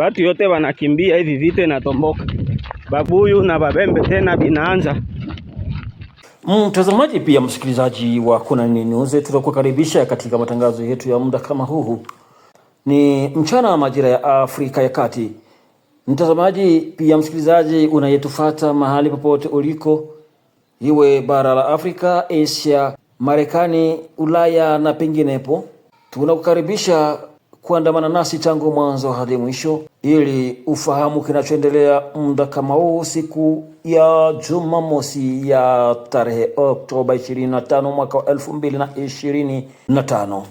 batu yote wanakimbia, hivi vita inatomboka, babuyu na babembe tena binaanza. Mm, mtazamaji pia msikilizaji wa Kuna Nini News, tutakukaribisha katika matangazo yetu ya muda kama huu, ni mchana wa majira ya Afrika ya Kati. Mtazamaji pia msikilizaji unayetufata mahali popote uliko, iwe bara la Afrika, Asia, Marekani, Ulaya na penginepo, tunakukaribisha kuandamana nasi tangu mwanzo hadi mwisho ili ufahamu kinachoendelea muda kama huu, siku ya Jumamosi ya tarehe Oktoba 25 mwaka wa 2025.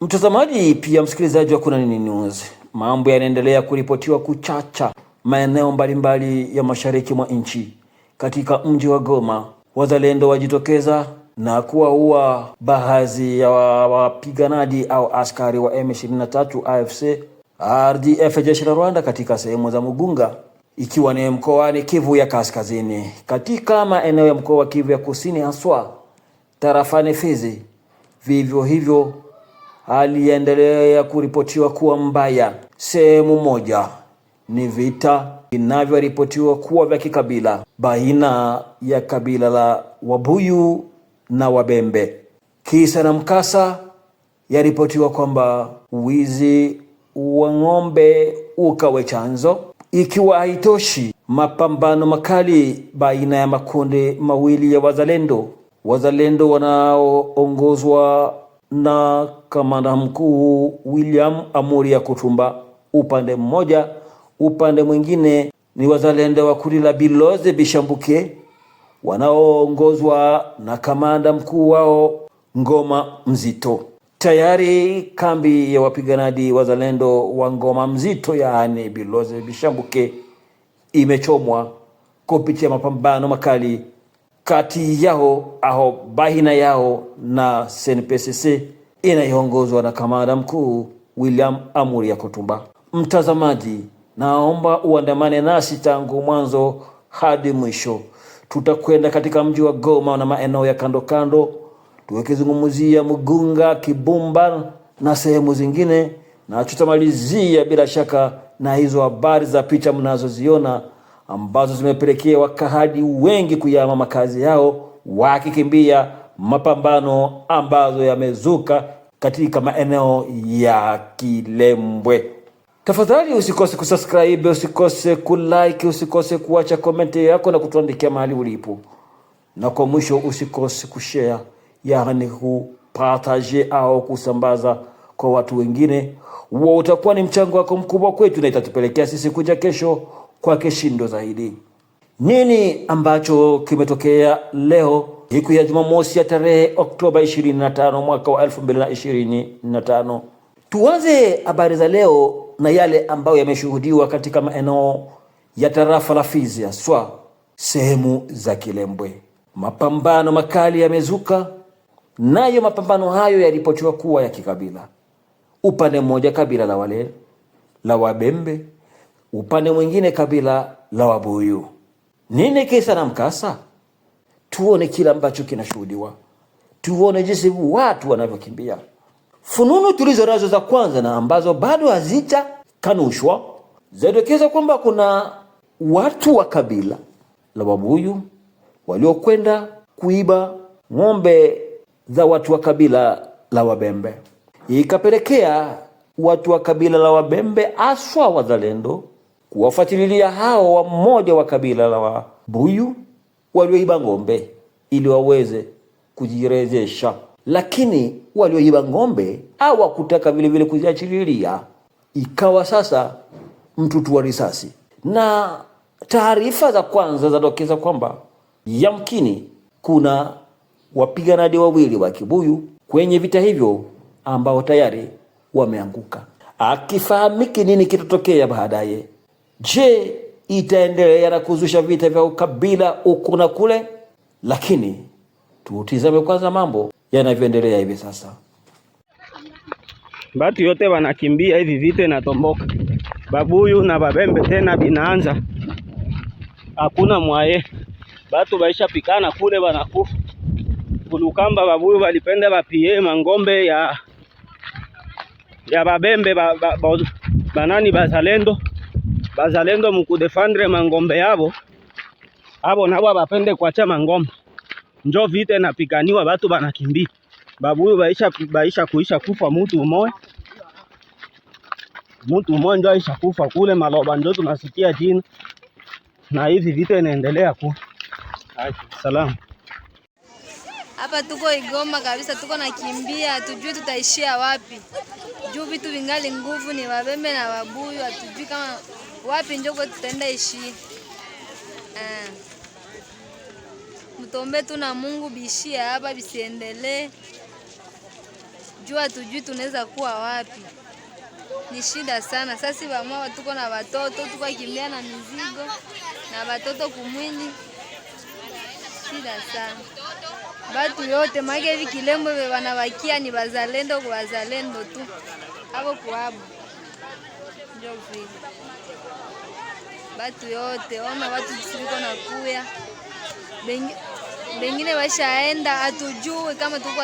Mtazamaji pia msikilizaji wa Kuna Nini News, mambo yanaendelea kuripotiwa kuchacha maeneo mbalimbali ya mashariki mwa nchi. Katika mji wa Goma, wazalendo wajitokeza na kuwaua baadhi ya wapiganaji au askari wa M23 AFC RDF jeshi la Rwanda katika sehemu za Mugunga ikiwa ni mkoani Kivu ya Kaskazini, katika maeneo ya mkoa wa Kivu ya Kusini, haswa tarafani Fizi. Vivyo hivyo hali kuripotiwa kuwa mbaya. Sehemu moja ni vita vinavyoripotiwa kuwa vya kikabila baina ya kabila la Wabuyu na Wabembe. Kisa na mkasa, yaripotiwa kwamba wizi wa ng'ombe ukawe chanzo. Ikiwa haitoshi, mapambano makali baina ya makundi mawili ya wazalendo, wazalendo wanaoongozwa na kamanda mkuu William Amuri ya kutumba upande mmoja, upande mwingine ni wazalendo wa kundi la Biloze Bishambuke wanaoongozwa na kamanda mkuu wao Ngoma Mzito. Tayari kambi ya wapiganaji wazalendo wa Ngoma Mzito, yaani Biloze Bishambuke, imechomwa kupitia mapambano makali kati yao aho baina yao na SNPCC inayoongozwa na kamanda mkuu William Amuri ya kotumba Mtazamaji, naomba uandamane nasi tangu mwanzo hadi mwisho. Tutakwenda katika mji wa Goma na maeneo ya kando kando, tukizungumzia mgunga Kibumba na sehemu zingine, na tutamalizia bila shaka na hizo habari za picha mnazoziona ambazo zimepelekea wakahadi wengi kuyama makazi yao wakikimbia mapambano ambazo yamezuka katika maeneo ya Kilembwe. Tafadhali usikose kusubscribe, usikose kulike, usikose kuacha komenti yako na kutuandikia mahali ulipo, na kwa mwisho usikose kushare, yaani kupartaje au kusambaza kwa watu wengine. Huo utakuwa ni mchango wako mkubwa kwetu na itatupelekea sisi kuja kesho kwa keshindo zaidi. Nini ambacho kimetokea leo siku ya Jumamosi ya tarehe Oktoba 25 mwaka wa 2025? Tuanze habari za leo na yale ambayo yameshuhudiwa katika maeneo ya tarafa la Fizi, haswa sehemu za Kilembwe. Mapambano makali yamezuka, nayo mapambano hayo yaripotiwa kuwa ya kikabila. Upande mmoja kabila la wale la Wabembe, upande mwingine kabila la Wabuyu. Nini kisa na mkasa? Tuone kile ambacho kinashuhudiwa, tuone jinsi watu wanavyokimbia. Fununu tulizo nazo za kwanza na ambazo bado hazijakanushwa zaidokeza kwamba kuna watu wa kabila la Wabuyu waliokwenda kuiba ng'ombe za watu wa kabila la Wabembe, ikapelekea watu wa kabila la Wabembe aswa wazalendo kuwafuatililia hao wa mmoja wa kabila la Wabuyu walioiba ng'ombe ili waweze kujirejesha lakini walioiba ng'ombe hawakutaka vilevile kuziachililia, ikawa sasa mtutu wa risasi. Na taarifa za kwanza zadokeza kwamba yamkini kuna wapiganaji wawili wa kibuyu kwenye vita hivyo ambao tayari wameanguka. Akifahamiki nini kitatokea baadaye? Je, itaendelea na kuzusha vita vya ukabila huku na kule? Lakini tutizame kwanza mambo yanavyoendelea hivi sasa. Batu yote wanakimbia hivi, vita inatomboka babuyu na babembe tena binaanza, hakuna mwaye, batu baisha pikana kule banakufa kulukamba. Babuyu balipenda bapie mangombe ya ya babembe ba, ba, ba, banani bazalendo bazalendo mukudefandre mangombe yabo abo nabo abapende kuacha mangombe njo vita inapiganiwa, watu banakimbia, babu huyu baisha, baisha kuisha kufa mutu umoe mutu umoe njo aisha kufa kule maloba, njo tunasikia jina na hivi vita inaendelea ku salamu hapa tuko Igoma kabisa, tuko nakimbia, hatujui tutaishia wapi juu vitu vingali nguvu, ni wabembe na wabuyu, hatujui kama wapi njoko tutaenda ishia uh. Eh tutombe tu na Mungu bishia hapa bisiendelee, jua tujui tunaweza kuwa wapi. Ni shida sana sasi, vamwa tuko na watoto, tukakimbia na mizigo na watoto kumwini, shida sana batu yote make kilembo vye wanawakia ni bazalendo kwa wazalendo tu hapo kuabu njo vile batu yote ona watu tusiviko na kuya bengi Pengine washaenda, hatujui kama tuko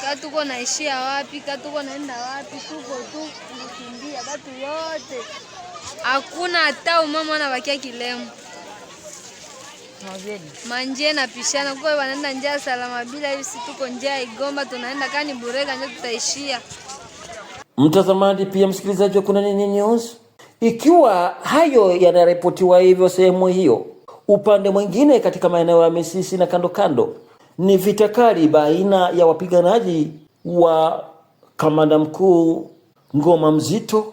ka tuko naishia wapi, katuko tuko naenda wapi. Tuko tu kukimbia batu yote, hakuna hata umama na bakia kilemu manje na pishana kwa wanaenda njia salama bila hivi, tuko njia Igomba tunaenda kani burega ndio tutaishia. Mtazamaji pia msikilizaji wa Kuna Nini News, ikiwa hayo yanaripotiwa hivyo sehemu hiyo Upande mwingine, katika maeneo ya Misisi na kando kando, ni vita kali baina ya wapiganaji wa kamanda mkuu Ngoma Mzito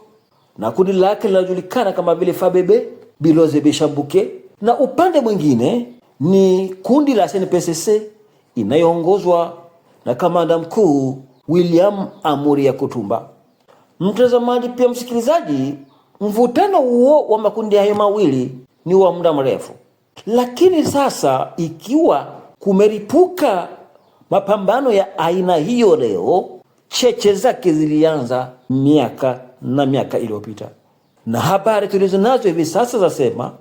na kundi lake linalojulikana kama vile Fabebe Biloze Bishambuke, na upande mwingine ni kundi la SNPCC inayoongozwa na kamanda mkuu William Amuri ya Kutumba. Mtazamaji pia msikilizaji, mvutano huo wa makundi hayo mawili ni wa muda mrefu. Lakini sasa ikiwa kumeripuka mapambano ya aina hiyo leo, cheche zake zilianza miaka na miaka iliyopita, na habari tulizo nazo hivi sasa zasema,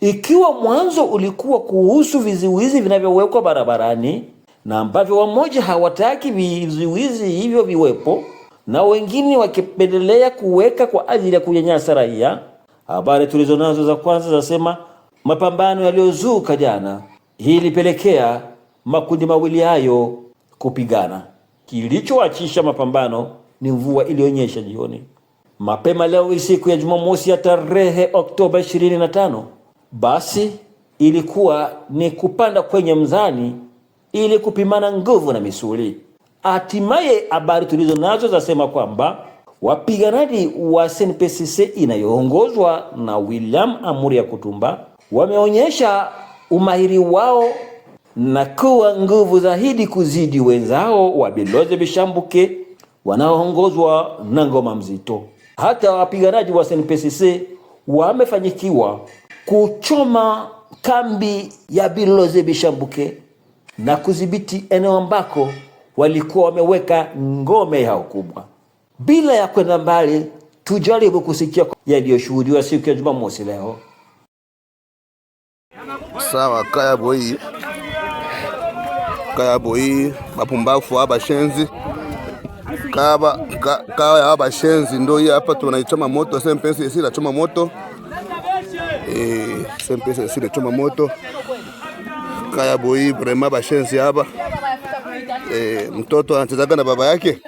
ikiwa mwanzo ulikuwa kuhusu vizuizi vinavyowekwa barabarani na ambavyo wamoja hawataki vizuizi hivyo viwepo na wengine wakipendelea kuweka kwa ajili ya kunyanyasa raia. Habari tulizo nazo za kwanza zasema mapambano yaliyozuka jana. Hii ilipelekea makundi mawili hayo kupigana. Kilichoachisha mapambano ni mvua iliyonyesha jioni. Mapema leo siku ya Jumamosi ya tarehe Oktoba 25, basi ilikuwa ni kupanda kwenye mzani ili kupimana nguvu na misuli. Hatimaye habari tulizo nazo zasema kwamba wapiganaji wa SNPCC inayoongozwa na William Amuri ya Kutumba Wameonyesha umahiri wao na kuwa nguvu zaidi kuzidi wenzao wa Biloze Bishambuke wanaoongozwa na ngoma mzito. Hata wapiganaji wa SNPCC wamefanyikiwa kuchoma kambi ya Biloze Bishambuke na kudhibiti eneo ambako walikuwa wameweka ngome yao kubwa. Bila ya kwenda mbali, tujaribu kusikia yaliyoshuhudiwa siku ya Jumamosi leo sawa. Kaya boyi, kaya boyi, mapumbafu aba shenzi kaba ka, kaya shenzi ndo hii hapa tunaichoma moto. Eh, sempensi sisi tunachoma moto e, sempensi sisi tunachoma moto. Kaya boyi brema shenzi hapa e, eh, mtoto anachezaga na baba yake,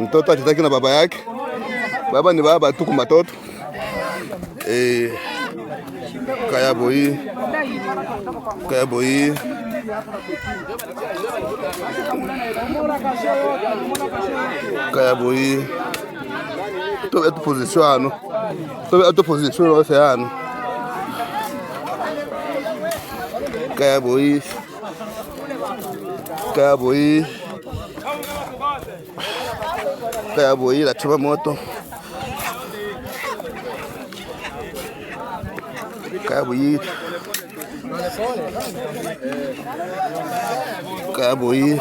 mtoto anachezaga na baba yake, baba ni baba tu kwa kumatoto eh Caiaboí, Caiaboí. Caiaboí. Eu estou posicionando. Eu estou posicionando esse ano. Caiaboí. Caiaboí. Caiaboí, Chuva moto. Kabuyi, Kabuyi,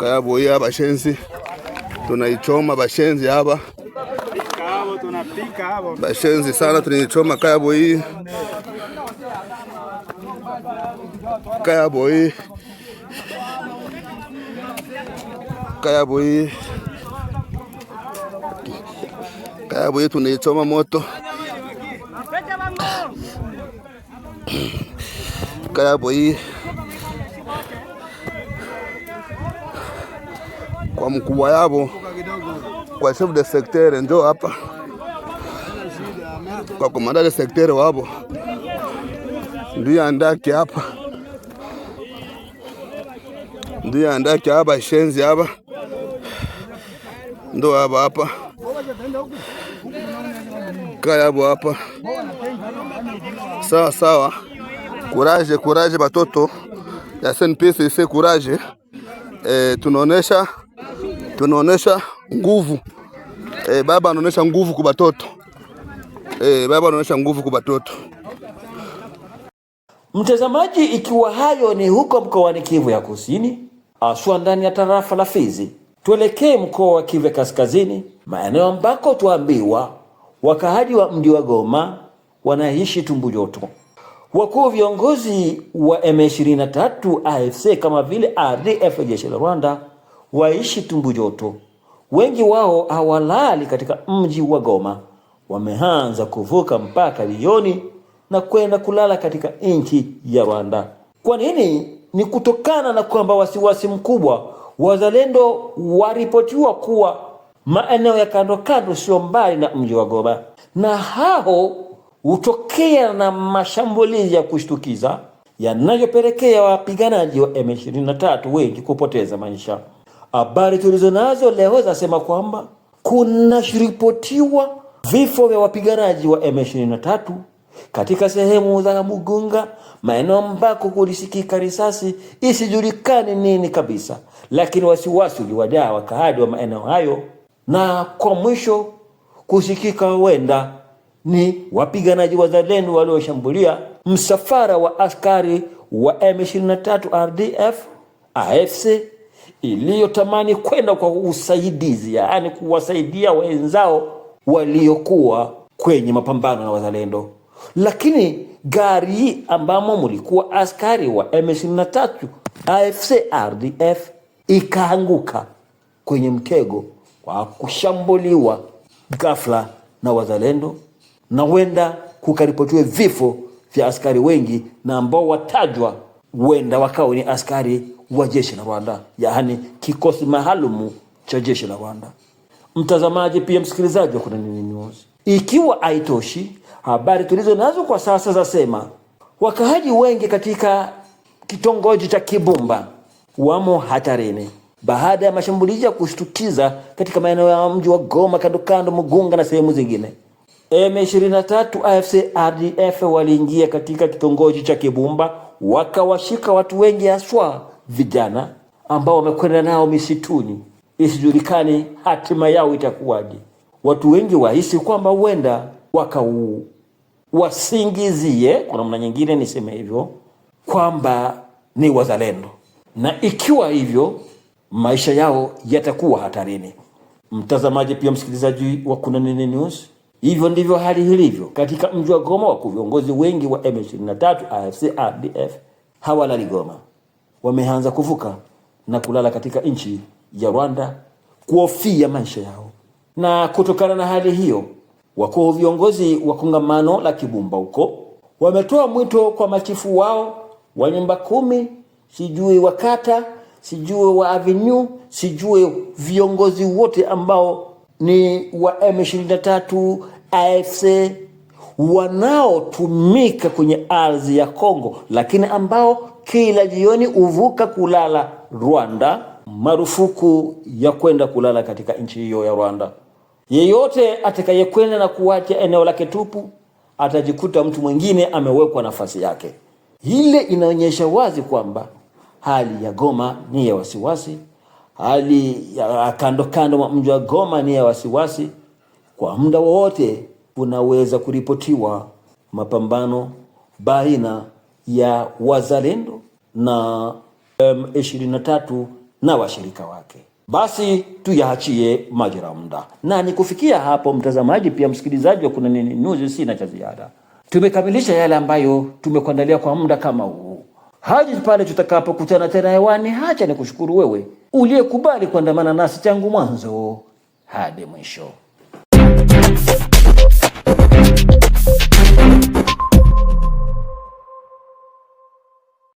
Kabuyi hapa bashenzi, tunaichoma bashenzi hapa bashenzi sana, tunaichoma Kabuyi, Kabuyi, Kabuyi. Taabu yetu naichoma moto. Kayabo hii kwa mkubwa yabo, kwa chef de secteur njo hapa, kwa komanda de secteur wabo ndio andaki hapa, ndio andaki hapa, shenzi hapa ndo hapa hapa klabu hapa sawa sawa. Kuraje, kuraje batoto ya SNPCC kuraje. E, eh, tunaonesha tunaonesha nguvu e, baba anaonesha nguvu kwa batoto e, baba anaonesha nguvu kwa batoto. Mtazamaji, ikiwa hayo ni huko mkoani Kivu ya Kusini, aswa ndani ya tarafa la Fizi, tuelekee mkoa wa Kivu ya Kaskazini, maeneo ambako tuambiwa Wakaaji wa mji wa Goma wanaishi tumbu joto. Wakuu viongozi wa M23 AFC kama vile RDF, jeshi la Rwanda, waishi tumbu joto. Wengi wao hawalali katika mji wa Goma, wameanza kuvuka mpaka lioni na kwenda kulala katika nchi ya Rwanda. Kwa nini? Ni kutokana na kwamba wasiwasi mkubwa wazalendo waripotiwa kuwa maeneo ya kando kando, sio mbali na mji wa Goma, na hao hutokea na mashambulizi ya kushtukiza yanayopelekea wapiganaji wa M23 wengi kupoteza maisha. Habari tulizo nazo leo zasema kwamba kunaripotiwa vifo vya wapiganaji wa M23 katika sehemu za Mugunga, maeneo ambako kulisikika risasi isijulikani nini kabisa, lakini wasiwasi uliwajaa wakaaji wa maeneo hayo na kwa mwisho kusikika huenda ni wapiganaji wazalendo walioshambulia msafara wa askari wa M23 RDF AFC iliyotamani kwenda kwa usaidizi, yaani kuwasaidia wenzao waliokuwa kwenye mapambano na wazalendo, lakini gari ambamo mlikuwa askari wa M23 AFC RDF ikaanguka kwenye mtego kwa kushambuliwa ghafla na wazalendo na huenda kukaripotiwa vifo vya askari wengi na ambao watajwa huenda wakawa ni askari wa jeshi la Rwanda, yaani kikosi maalumu cha jeshi la Rwanda. Mtazamaji pia msikilizaji wa Kuna Nini News, ikiwa haitoshi, habari tulizo nazo kwa sasa zasema wakaaji wengi katika kitongoji cha Kibumba wamo hatarini baada ya mashambulizi ya kushtukiza katika maeneo ya mji wa Goma, kando kando Mugunga na sehemu zingine. M23 AFC RDF waliingia katika kitongoji cha Kibumba, wakawashika watu wengi, haswa vijana ambao wamekwenda nao misituni, isijulikani hatima yao itakuwaje. Watu wengi wahisi kwamba huenda wakawasingizie wasingizie, kwa namna nyingine niseme hivyo, kwamba ni wazalendo, na ikiwa hivyo maisha yao yatakuwa hatarini. Mtazamaji pia msikilizaji wa Kuna Nini News, hivyo ndivyo hali ilivyo katika mji wa Goma, waku viongozi wengi wa M23, AFC, RDF hawalali Goma, wameanza kuvuka na kulala katika nchi ya Rwanda kuhofia maisha yao. Na kutokana na hali hiyo, wakuu viongozi wa kongamano la Kibumba huko wametoa mwito kwa machifu wao wa nyumba kumi, sijui wakata sijue wa Avenue, sijue viongozi wote ambao ni wa M23 AFC wanaotumika kwenye ardhi ya Kongo, lakini ambao kila jioni huvuka kulala Rwanda. Marufuku ya kwenda kulala katika nchi hiyo ya Rwanda. Yeyote atakayekwenda na kuacha eneo lake tupu atajikuta mtu mwingine amewekwa nafasi yake. Ile inaonyesha wazi kwamba Hali ya Goma ni ya wasiwasi, hali ya kando kando mji wa Goma ni ya wasiwasi. Kwa muda wowote kunaweza kuripotiwa mapambano baina ya wazalendo na M23 na washirika wake. Basi tuyaachie majira muda, na ni kufikia hapo, mtazamaji pia msikilizaji wa Kuna Nini News, sina cha ziada. Tumekamilisha yale ambayo tumekuandalia kwa muda kama huu hadi pale tutakapokutana tena hewani, hacha nikushukuru wewe uliyekubali kuandamana nasi tangu mwanzo hadi mwisho.